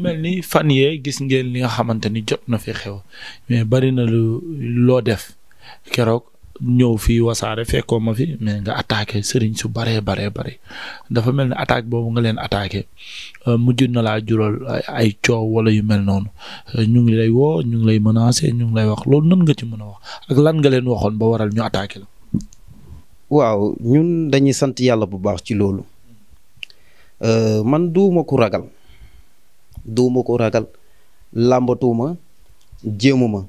mel ni fan yee gis ngeen li nga xamante ni jot na fi xew mais bari na lu loo def keroog ñëw fii wasaare fekkoo ma fi mais nga attaqué sëriñ su bare bare bare dafa mel ni attaque boobu nga leen attaqué euh, mujj na laa jural ay coow wala yu mel noonu euh, ñu ngi lay woo ñu ngi lay menacé ñu ngi lay wax loolu nan nga ci mën a wax ak lan nga leen waxoon ba waral ñu attaqué la waaw ñun dañuy sant yàlla bu baax ci loolu euh, man duuma ku ragal duuma ko ragal làmbatuuma jéemuma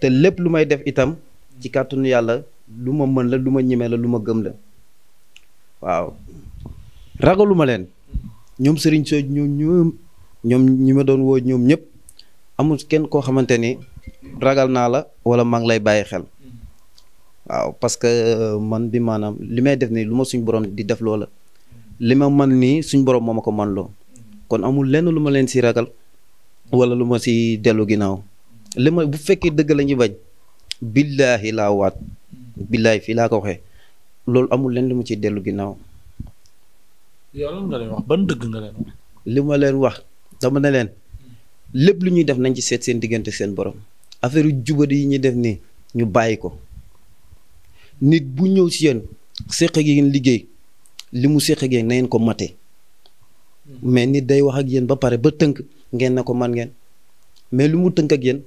te lepp lu def itam ci kàttanu yalla luma man la luma ñime la luma gëm la waaw ragaluma len ñom serigne soo ñom ñom ñom ñima doon wo ñom ñep amul kenn ko xamanteni ragal na la wala mang lay baye xel waaw parce que euh, man bi manam limay def ni luma suñu borom di def lola lima man ni suñu borom momako man lo kon amul lenn lu ma leen ragal wala lu ma si dellu ginnaaw li ma bu fekke deug lañu bañ billahi la wat billahi fi la ko waxe lol amul lenn lu ma ciy dellu ginnaaw. nga wax ban deug nga len wax. wax dama ne len lepp lu ñuy def nañ ci set seen diggante seen borom affaire jubadi yi ñi def ni ñu bayiko nit bu ñew ci yeen seq ak yéen liggéey li ko mate. mais nit day wax ak yéen ba pare ba tënk ngeen na ko man ngeen mais lu mu tënk ak yéen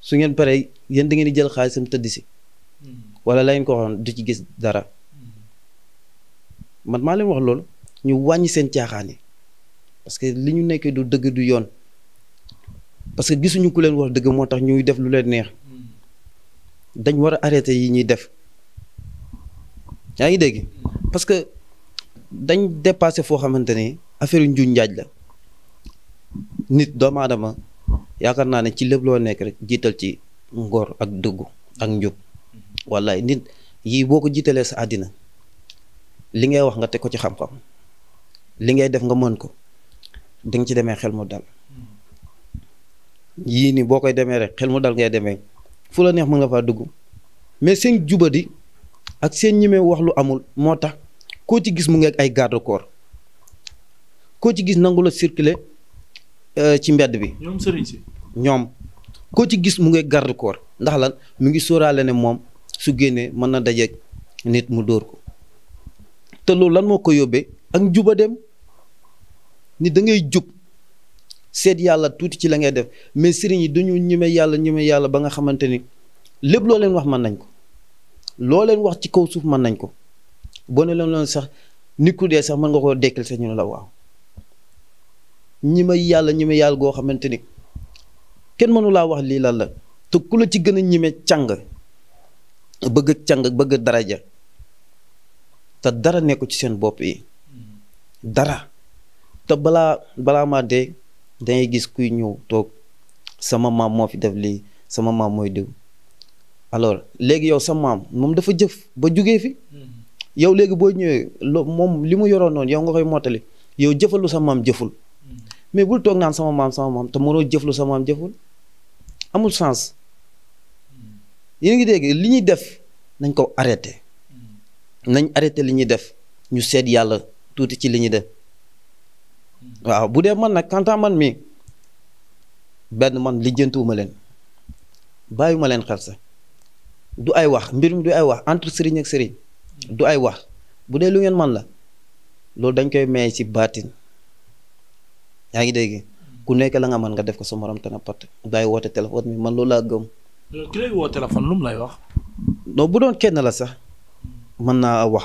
su ngeen paree yéen di ngeen di jël xaalisam tëdd si hmm. wala la ngeen ko waxoon du ci gis dara hmm. man maa leen wax loolu ñu wàññi seen caaxaan yi parce que li ñu nekkee du dëgg du yoon parce que gisuñu ku leen wax dëgg moo tax ñuy def lu leen neex hmm. dañ war a arrêté yi ñuy def yaa ngi dégg parce dañ dépassé foo xamante ni affaire ñu njaaj la nit doomu adama yaakar na ne ci lepp lo nek rek jital ci ngor ak dugg ak njub wallahi nit yi boko jitalé sa adina li ngay wax nga tek ko ci xam-xam li ngay def nga mën ko ding ci démé xel mu dal yi ni bokay démé rek xel mu dal ngay démé fu la neex mën nga fa dugg mais seen jubadi ak seen ñime wax amul motax ko koo ci gis mu ngeek ay garde corps koo ci gis nangu la circuler euh, ci mbedd bi. ñoom sëriñ koo ci gis mu ngi garde corps ndax lan mu ngi sóoraale ne moom su génnee mën na daje nit mu dóor ko te loolu lan moo ko yóbbee ak juba dem ni da ngay jub seet yàlla tuuti ci la ngay def mais sëriñ yi dañu ñeme yàlla ñeme yàlla ba nga xamante ni lépp loo leen wax mën nañ ko loo leen wax ci kaw suuf mën nañ ko boo ne leen sax nit ku dee sax mën nga koo dekkil sax ñu la waaw ñi yàlla ñi yàlla goo xamante ni kenn mënu wax lii lan la te ku la ci gën a ñime càng bëgg càng bëgg daraja te dara nekku ci seen bopp yi dara te balaa balaa ma dee dangay gis kuy ñëw toog sama maam moo fi def lii sama maam mooy diw alors léegi yow sa maam moom dafa jëf ba jugee fi hmm. yow léegi boo ñëwee loo moom li mu yoroon noonu yow nga koy mottali yow jëfalu sa maam jëful mais bul toog naan sama maam sama maam te mënoo jëf lu sama maam jëful amul sens yéen ngi dégg li ñuy def nañ ko arrêté nañ arrêté li ñuy def ñu seet yàlla tuuti ci li ñuy dem waaw bu dee man nag kantaa man mii benn man lijjantuwuma leen bàyyiwuma leen xel sax du ay wax mbir mi du ay wax entre sëriñ sëriñ du ay wax bu dee lu ngeen man la loolu dañ koy may si baatin yaa ngi dégg ku nekk la nga mën nga def ko sa morom te na pat bàyyi woote man loolu laa gëm. ki woo téléphone lu mu lay bu doon kenn la sax mën naa wax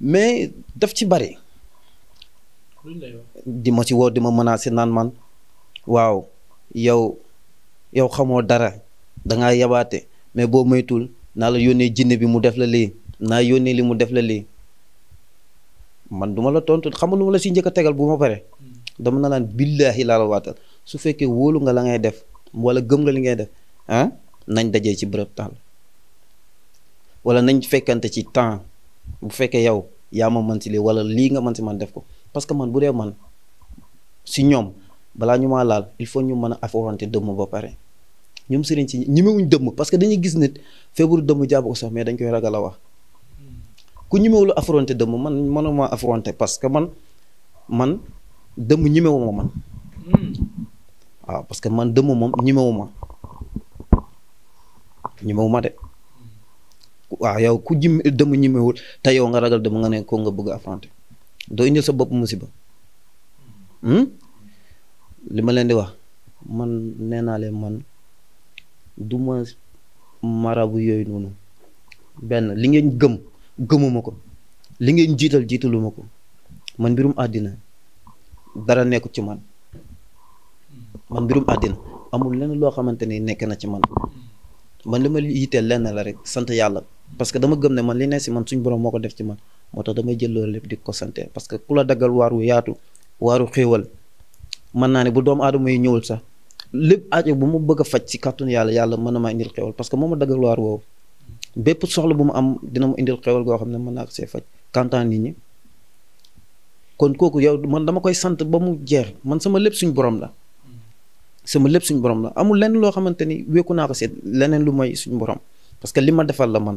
mais def ci bari. di ma ci woo di ma menacer naan man waaw yow yow xamoo dara da ngaa yabaate mais boo moytul naa la yónnee jinne bi mu def la lii naa yónnee li mu def la lii man duma la tontu xam lu ma la si njëkk tegal bu ma pare. dama na laan billaahi laa la waatal su fekkee wóolu nga la ngay def wala gëm nga li ngay def ah nañ dajee ci bërëb taal wala nañ fekkante ci temps bu fekkee yow yaa ma mën si lii wala lii nga mën si man def ko parce que man bu dee man si ñoom balaa ñu maa laal il faut ñu mën a affronter dëmm ba pare ñoom sëriñ si ñemewuñ dëmm parce que dañuy gis nit feebaru dëmm jàpp ko sax mais dañ koy ragal a wax ku ñemewul affronter dëmm man mënuma affronter parce que man man dëmm ñemewuma man hmm. waaw parce que man dëmm moom ñemewuma ñemewuma de waaw yow ku jim dëmm ñemewul te yow nga ragal dëmm nga ne ko nga bëgg affronter doo indil sa bopp musiba hmm? li ma leen di wax man nee naa leen man du ma marabu yooyu noonu benn li ngeen gëm gëmuma ko li ngeen jiital jiitaluma ko man mbirum àddina dara nekku ci man man mbirum àddina amul lenn loo xamante ni nekk na ci man man li ma yiteel lenn la rek sant yàlla parce que dama gëm ne man li ne si man suñ borom moo ko def ci man moo tax damay jël loolu lépp di ko sante parce que ku la daggal waaru yaatu waaru xéewal mën naa ne bu doomu aadama yi ñëwul sax lépp aajo bu mu bëgg a faj si kàttun yàlla yàlla mën na maa indil xéewal parce que moo ma daggal waar woowu bépp soxla bu mu am dina mu indil xéewal goo xam ne mën naa faj kantaan nit kon kooku yow man dama koy sant ba mu jeex man sama lépp suñu borom la sama lépp suñu borom la amul lenn loo xamante ni wéeku naa ko seet leneen lu may suñu borom parce que li ma defal la man.